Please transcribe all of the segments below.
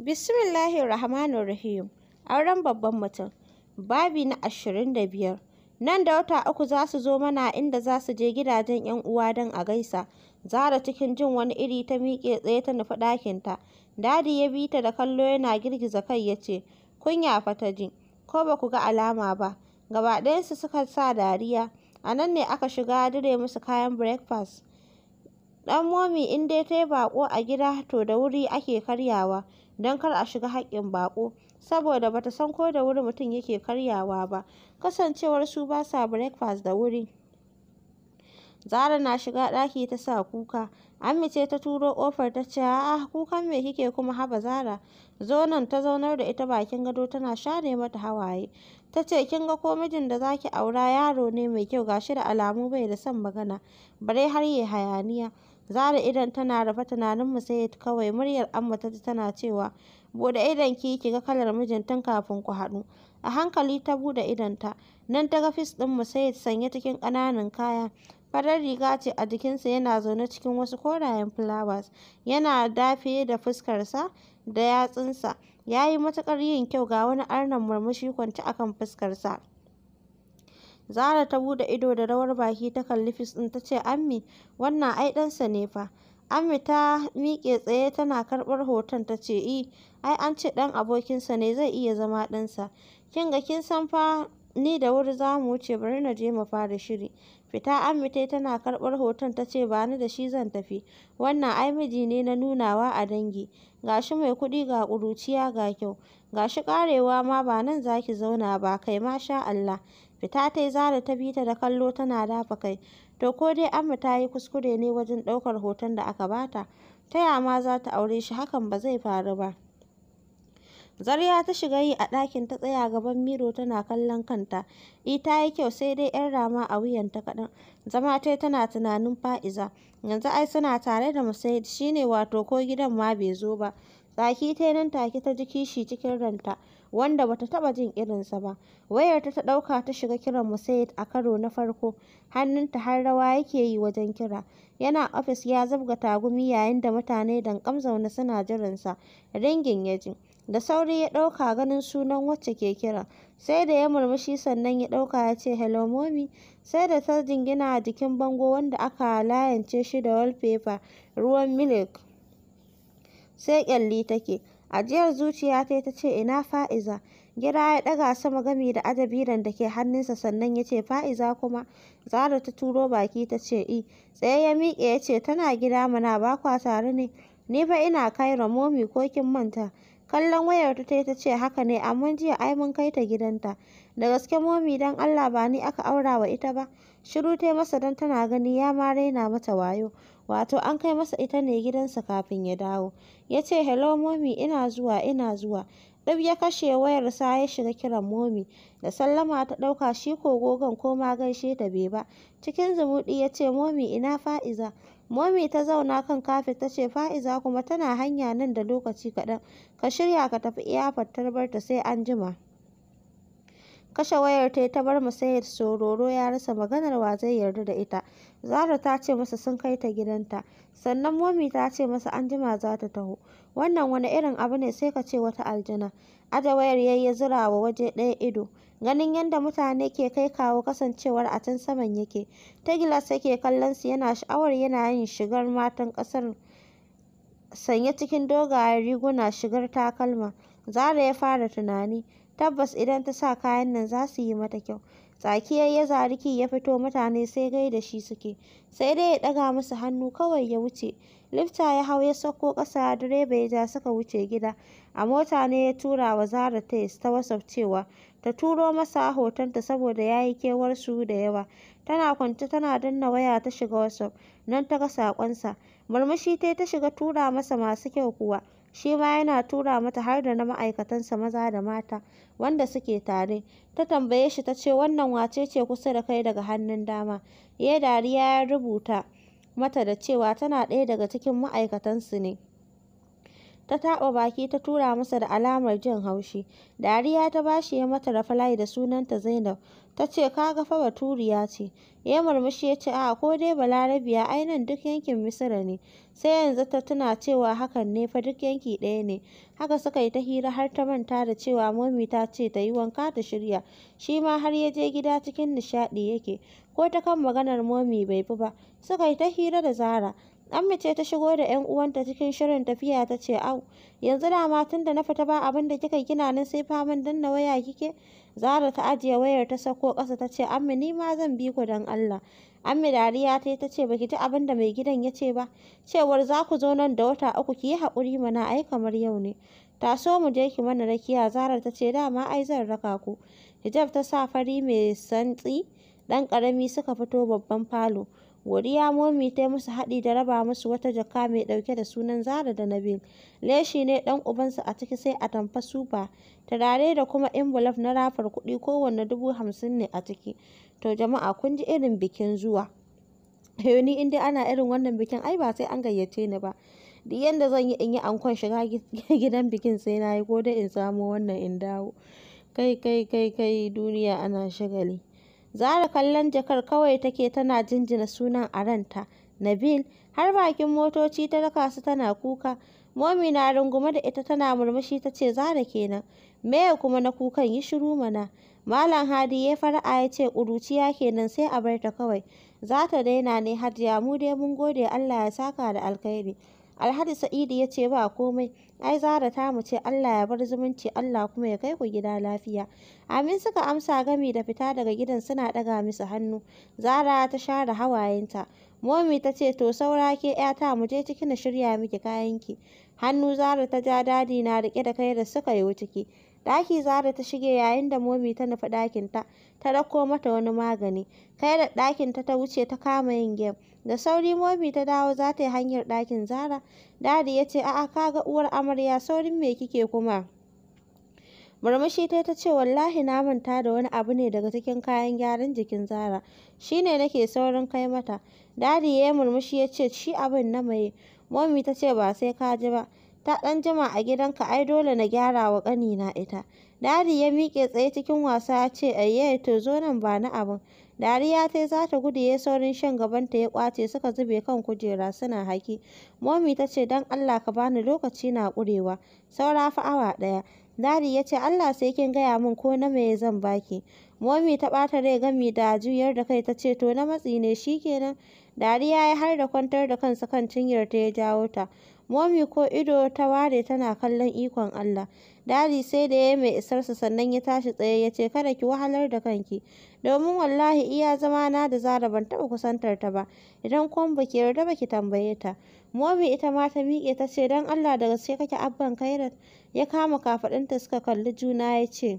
Bismillahir Rahmanir Rahim. Auren babban mutum. Babi na ashirin da biyar. Nan da wata uku za su zo mana inda za su je gidajen 'yan uwa don a gaisa. Zara cikin jin wani iri ta miƙe tsaye ta nufi ɗakinta. Dadi ya bi ta da kallo yana girgiza kai ya ce, Kunya fa ta ji, ko ba ku ga alama ba. Gaba ɗayansu suka sa dariya. A nan ne aka shiga dire musu kayan breakfast. Ɗan momi in dai ta yi baƙo a gida to da wuri ake karyawa. don kar a shiga haƙƙin baƙo saboda bata san ko da wuri mutum yake karyawa ba kasancewar su ba sa breakfast da wuri Zara na shiga ɗaki ta sa kuka Ammi ce ta turo ƙofar ta ce a'a kukan me kike kuma haba Zara zo nan ta zaunar da ita bakin gado tana share mata hawaye ta ce kin ga ko mijin da zaki aura yaro ne mai kyau gashi da alamu bai da son magana bare har yayi hayaniya Zara idan tana rufe tunaninmu sai kawai muryar amma ta ji tana cewa bude idon ki ki ga kalar mijin tun kafin ku haɗu. A hankali ta bude idonta nan ta ga fis ɗin Musayid sanye cikin ƙananan kaya. Farar riga ce a jikinsa yana zaune cikin wasu korayen flowers. Yana dafe da fuskarsa da yatsunsa. Ya yi matuƙar yin kyau ga wani arnan murmushi kwance a kan fuskarsa. Zara ta buɗe ido da rawar baki ta kalli Fis ɗin ta ce, Ammi, wannan ai ɗansa ne fa. Ammi ta miƙe tsaye tana karɓar hoton ta ce, I, eh, ai an ce ɗan abokinsa ne zai iya zama ɗansa. Kin ga kin san fa ni da wuri za mu wuce bari na je mu fara shiri fita ammi tai tana karɓar hoton ta ce ba ni da shi zan tafi wannan ai miji ne na nunawa a dangi Ga shi mai kuɗi ga ƙuruciya ga kyau Ga shi ƙarewa ma ba nan za ki zauna ba kai ma sha Allah fita tai zara ta bi ta da kallo tana dafa kai to ko dai amma ta yi kuskure ne wajen ɗaukar hoton da aka bata ta ya ma za ta aure shi hakan ba zai faru ba Zarya ta shiga yi a ɗakin ta tsaya gaban miro tana kallon kanta. Ita yi kyau sai dai 'yan rama a wuyanta kaɗan. Zama tai tana tunanin fa'iza. Yanzu ai suna tare da musaid shi ne wato ko gidan ma bai zo ba. Tsaki tai nan take ta ji kishi cikin ranta wanda bata taɓa jin irinsa ba. Wayarta ta ɗauka ta shiga kiran musaid a karo na farko. Hannunta har rawa yake yi wajen kira. Yana ofis ya zabga tagumi yayin da mutane dankam zaune suna jiransa. Ringin ya ji. da sauri ya ɗauka ganin sunan wacce ke kira sai da ya murmushi sannan ya ɗauka ya ce hello mommy sai da ta jingina a jikin bango wanda aka layance shi da wallpaper ruwan milk sai kyalli take ajiyar zuciya ta ta ce ina fa'iza gira ya ɗaga sama gami da adabi da ke hannunsa sannan ya ce fa'iza kuma zara ta turo baki ta ce i tsaye ya miƙe ya ce tana gida mana ba kwa tare ne ni fa ina kaira momi ko kin manta kallon wayar ta ta ce haka ne amma jiya ai mun kai ta gidanta da gaske momi dan Allah ba ni aka aura wa ita ba Shiru ta masa don tana gani ya ma raina mata wayo. Wato an kai masa ita ne gidansa kafin ya dawo. Ya ce, Hello momi ina zuwa ina zuwa. Ɗab ya kashe wayar sa ya shiga kiran momi da sallama ta ɗauka shi ko gogon ko ma gaishe ta bai ba. Cikin zumuɗi ya ce momi ina fa'iza. Momi ta zauna kan kafet ta ce fa'iza kuma tana hanya nan da lokaci kaɗan. Ka shirya ka tafi iya fattar barta sai an jima. kashe wayar ta ta bar musayar sororo ya rasa maganar wa zai yarda da ita zara ta ce masa sun kai ta gidanta sannan momi ta ce masa an jima za ta taho wannan wani irin abu ne sai ka ce wata aljana aje wayar yayi ya zura wa waje ɗaya ido ganin yadda mutane ke kai kawo kasancewar a can saman yake ta gilas yake kallon su yana sha'awar yana yin shigar matan ƙasar sanye cikin dogayen riguna shigar takalma zara ya fara tunani Tabbas idan ta sa kayan nan za su yi mata kyau. Tsaki ya yi zariki ya fito mutane sai gai da shi suke. Sai dai ya ɗaga musu hannu kawai ya wuce. Lifta ya hau ya sauko ƙasa direba ya ja suka wuce gida. A mota ne ya tura wa Zara tes ta wasaf cewa ta turo masa hotonta saboda ya yi su da yawa. Tana kwance tana danna waya ta shiga wasuf Nan ta ga saƙonsa. murmushi ta ta shiga tura masa masu kyau kuwa shi ma yana tura mata har da na ma'aikatansa maza da mata wanda suke tare ta tambaye shi ta ce wannan wace ce kusa da kai daga hannun dama ya dariya ya rubuta mata da cewa tana ɗaya daga cikin ma'aikatansu ne ta taɓa baki ta tura masa da alamar jin haushi dariya ta bashi ya mata rafala'i da sunanta zainab ta ce ka ga fa baturiya ce ya murmushi ya ce a ko dai balarabiya ai nan duk yankin misira ne sai yanzu ta tuna cewa hakan ne fa duk yanki ɗaya ne haka suka yi ta hira har ta manta da cewa momi ta ce ta yi wanka ta shirya shi ma har ya je gida cikin nishaɗi yake ko ta kan maganar momi bai bi ba suka yi ta hira da zara Amma ce ta shigo da 'yan uwanta cikin shirin tafiya ta ce au, yanzu dama tun da na fita ba abin da kika gina nan sai faman danna waya kike? Zara ta ajiye wayar ta sako ƙasa ta ce amma ni ma zan bi ku don Allah. Amma dariya ta ta ce baki ji abin da mai gidan ya ce ba, cewar za ku zo nan da wata uku ki yi haƙuri mana ai kamar yau ne. ta so mu je ki mana rakiya Zara ta ce dama ai zan raka ku. Hijab ta sa fari mai santsi ɗan ƙarami suka fito babban falo. Godiya momi ta musu haɗi da raba musu wata jaka mai ɗauke da sunan Zara da Nabil. Leshi ne ɗan ubansa a ciki sai a tamfa sufa. Turare da kuma envelope na rafar kuɗi kowanne dubu hamsin ne a ciki. To jama'a kun ji irin bikin zuwa. Ni inda ana irin wannan bikin ai ba sai an gayyace ni ba. Duk yadda zan yi in yi ankon shiga gidan bikin sai na yi ko dai in samo wannan in dawo. Kai kai kai kai duniya ana shagali. Zara kallon jakar kawai take tana jinjina sunan a ranta, Nabil, har bakin motoci ta raka su tana kuka. Momi na rungume da ita tana murmushi ta ce Zara kenan. Meye kuma na kukan yi shiru mana. Malam Hadi ya fara'a ya ce ƙuruciya kenan sai a bar ta kawai. Za ta daina ne hajiya mu dai mun gode Allah ya saka da alkhairi. Alhaji Sa'idu ya ce ba komai, ai Zara ta mu ce Allah ya bar zumunci Allah kuma ya kai ku gida lafiya. Amin suka amsa gami da fita daga gidan suna ɗaga musu hannu. Zara ta share hawayenta. Momi ta ce to saura ke ta mu je ciki na shirya miki kayanki. Hannu Zara ta ja dadi na riƙe da kai da suka yi ciki. Ɗaki Zara ta shige yayin da Momi ta nufi ɗakinta, ta ɗauko mata wani magani. Kai da ɗakinta ta wuce ta kama yin game Da sauri Momi ta dawo za ta yi hanyar ɗakin Zara. Dadi ya ce, a'a ga uwar amarya saurin me kike kuma? Murmushi ta ta ce wallahi na manta da wani abu ne daga cikin kayan gyaran jikin Zara. Shi ne nake saurin kai mata. Dadi ya yi murmushi ya ce shi abin na maye. Momi ta ce ba sai ka ji ba. ta ɗan jima a gidanka ai dole na gyara wa ƙanina ita. Dari ya miƙe tsaye cikin wasa ya ce ayye to zo nan ba na abin. Dariya ta za ta gudu ya saurin shan gabanta ya kwace, suka zube kan kujera suna haki. Momi ta ce don Allah ka bani lokaci na ƙurewa. Saura fa awa ɗaya. Dari ya ce Allah sai kin gaya min ko na me zan baki. Momi ta ɓata rai gami da juyar da kai ta ce to na matsi ne shikenan. Dariya ya har da kwantar da kansa kan cinyar ta ya jawo ta. Momi ko ido ta ware tana kallon ikon Allah. Dadi sai da ya mai isarsa sannan ya tashi tsaye ya ce kada ki wahalar da kanki. Domin wallahi iya zama na da zara ban taɓa kusantar ta ba. Idan kwan baki yarda ba ki tambaye ta. Momi ita ma ta miƙe ta ce don Allah da gaske kake abban kairat. Ya kama kafaɗinta suka kalli juna ya ce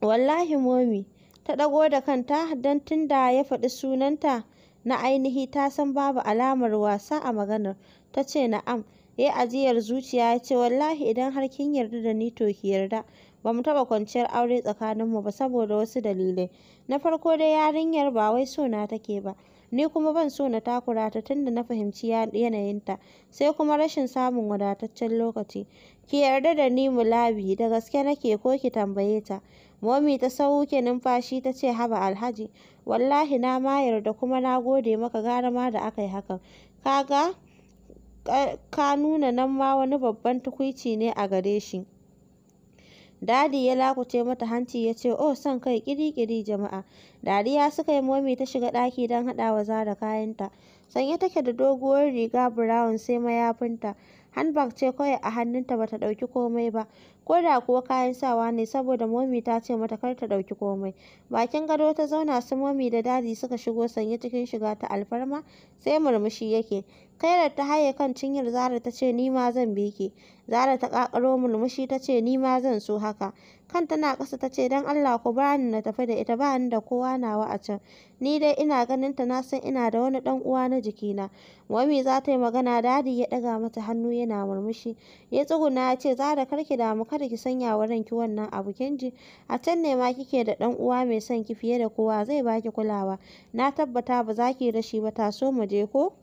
wallahi Momi. Ta ɗago da kanta don tunda ya faɗi sunanta na ainihi ta san babu alamar wasa a maganar. Ta ce na'am. Ya ajiyar zuciya ya ce wallahi idan har kin yarda da ni to ki yarda. Ba mu taɓa kwanciyar aure tsakaninmu ba saboda wasu dalilai. Na farko dai yarinyar ba wai so na take ba. ni kuma ban so na takura ta tunda na fahimci yanayinta sai kuma rashin samun wadataccen lokaci ki yarda da ni mulabi da gaske nake ko ki tambaye ta momi ta sauke numfashi ta ce haba alhaji wallahi na ma yarda kuma na gode maka gara ma da aka yi hakan kaga ka nuna nan ma wani babban tukuici ne a gare shi Dadi ya lakuce mata hanci ya ce, "Oh, son kai kiri-kiri jama'a." Dariya suka yi momi ta shiga ɗaki don haɗa wa Zara kayanta. Sanye take da doguwar riga brown sai mayafinta. Handbag ce kawai a hannunta bata ɗauki komai ba. ko da kuwa kayan sawa ne saboda momi ta ce mata kar ta ɗauki komai bakin gado ta zauna su momi da dadi suka shigo sanye cikin shiga ta alfarma sai murmushi yake kairar ta haye kan cinyar zara ta ce ni ma zan bi ki zara ta kakaro murmushi ta ce ni ma zan so haka kan tana ƙasa ta ce don allah ku bani na tafi da ita bani da kowa nawa a can ni dai ina ganin ta na san ina da wani dan uwa na jikina wami za ta yi magana dadi ya ɗaga mata hannu yana murmushi ya tsuguna ya ce zara karki damu kada ki sanya wa ranki wannan abu kinji a can ne ma kike da dan uwa mai son ki fiye da kowa zai baki kulawa na tabbata ba za ki rashi ba ta so mu je ko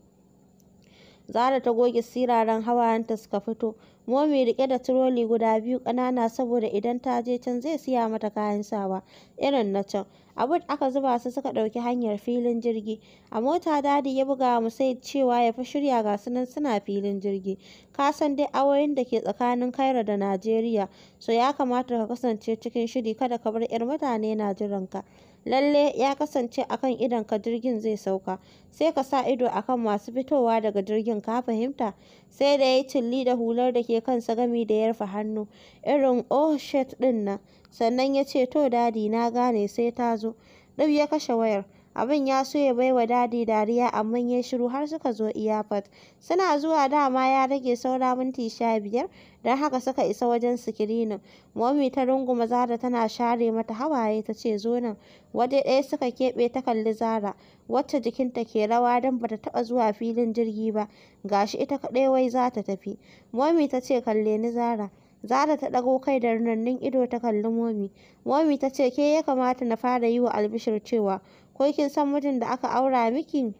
Zara ta goge siraran hawayenta suka fito. Momi rike da turoli guda biyu ƙanana saboda idan ta je can zai siya mata kayan sawa irin na can. Abud aka zuba su suka ɗauki hanyar filin jirgi. A mota dadi ya buga mu sai cewa ya fi shirya ga sunan suna filin jirgi. Ka san dai awoyin da ke tsakanin Cairo da Najeriya, so ya kamata ka kasance cikin shiri kada ka bar 'yar mutane na ka. Lalle ya kasance akan ka jirgin zai sauka, sai ka sa ido akan masu fitowa daga jirgin ka fahimta? Sai da ya cilli da hular da ke kansa gami da yarfa hannu, irin oh shit din nan. sannan ya ce to dadi na gane sai ta zo ɗau ya kashe wayar abin ya so ya baiwa dadi dariya amma ya shiru har suka zo iyafat suna zuwa dama ya rage saura minti sha biyar don haka suka isa wajen sikirinin momi ta runguma zara tana share mata hawaye ta ce zo nan waje ɗaya suka keɓe ta kalli zara wacce jikinta ke rawa don bata taɓa zuwa filin jirgi ba gashi ita kaɗai wai za ta tafi momi ta ce kalle ni zara Zara ta ɗago kai da rannannin ido ta kalli Momi. Momi ta ce ke ya kamata na fara yi wa albishir cewa ko kin san mijin da aka aura miki?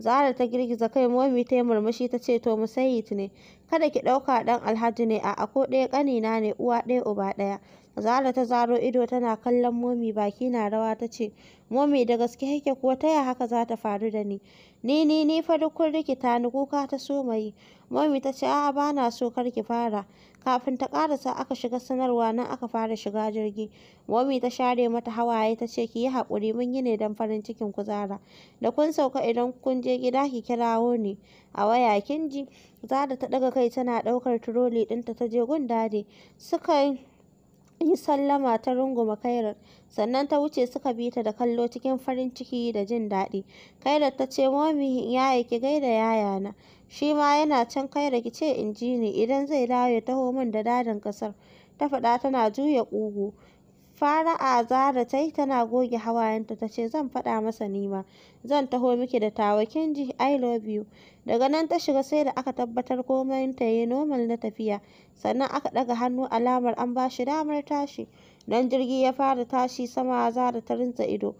Zara ta girgiza kai Momi ta yi murmushi ta ce to musayit ne kada ki ɗauka ɗan alhaji ne a'a ko ɗaya ƙanina ne uwa ɗaya uba ɗaya zara ta zaro ido tana kallon momi baki na rawa ta ce momi da gaske yake kuwa taya haka za ta faru da ni ni ni ni fa duk rikita ni kuka ta so mai momi ta ce a'a bana so kar ki fara kafin ta karasa aka shiga sanarwa nan aka fara shiga jirgi momi ta share mata hawaye ta ce ki yi haƙuri mun yi ne don farin cikin ku zara da kun sauka idan kun je gida ki kirawo ni a waya kin ji zara ta ɗaga suka yi tana ɗaukar turoli ɗinta ta je gun dadi suka yi sallama ta runguma kairat sannan ta wuce suka bi ta da kallo cikin farin ciki da jin daɗi kairat ta ce momi ya, ki gaida yayana shi ma yana can kairar ki ce in ji ni idan zai dawo ya taho min da dadin ƙasar ta faɗa tana juya ƙugu fara'a zara ta yi tana goge hawayenta ta ce zan faɗa masa nima zan taho miki da tawa kinji i love you daga nan ta shiga sai da aka tabbatar komai ta yi normal na tafiya sannan aka ɗaga hannu alamar an bashi damar tashi dan jirgi ya fara tashi sama zara ta rinta ido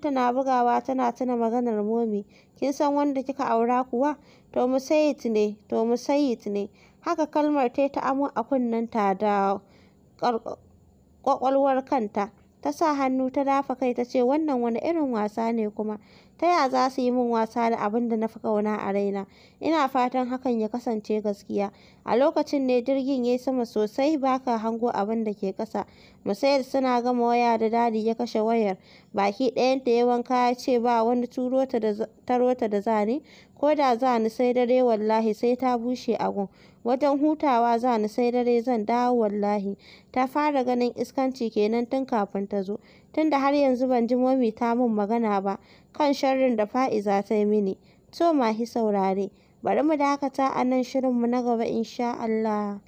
ta na bugawa tana tuna maganar momi kin san wanda kika aura kuwa to musayit ne to musayit ne haka kalmar ta ta amo a kunnen ta da ƙwaƙwalwar kanta. Ta sa hannu ta dafa kai ta ce wannan wani irin wasa ne kuma. ta ya za su yi min wasa da abin da na fi ƙauna a raina ina fatan hakan ya kasance gaskiya a lokacin ne jirgin ya yi sama sosai baka hango abin da ke ƙasa musayar suna gama waya da dadi ya kashe wayar baki ɗayanta ya wanka ya ce ba wani turo ta da zani ko da zani sai dare wallahi sai ta bushe a wajen hutawa zani sai dare zan dawo wallahi ta fara ganin iskanci kenan tun kafin ta zo Tun da har yanzu ban ji Momi ta mun magana ba kan sharrin da Fa'iza ta yi mini. To hi saurare, bari mu dakata a nan shirinmu na gaba insha Allah.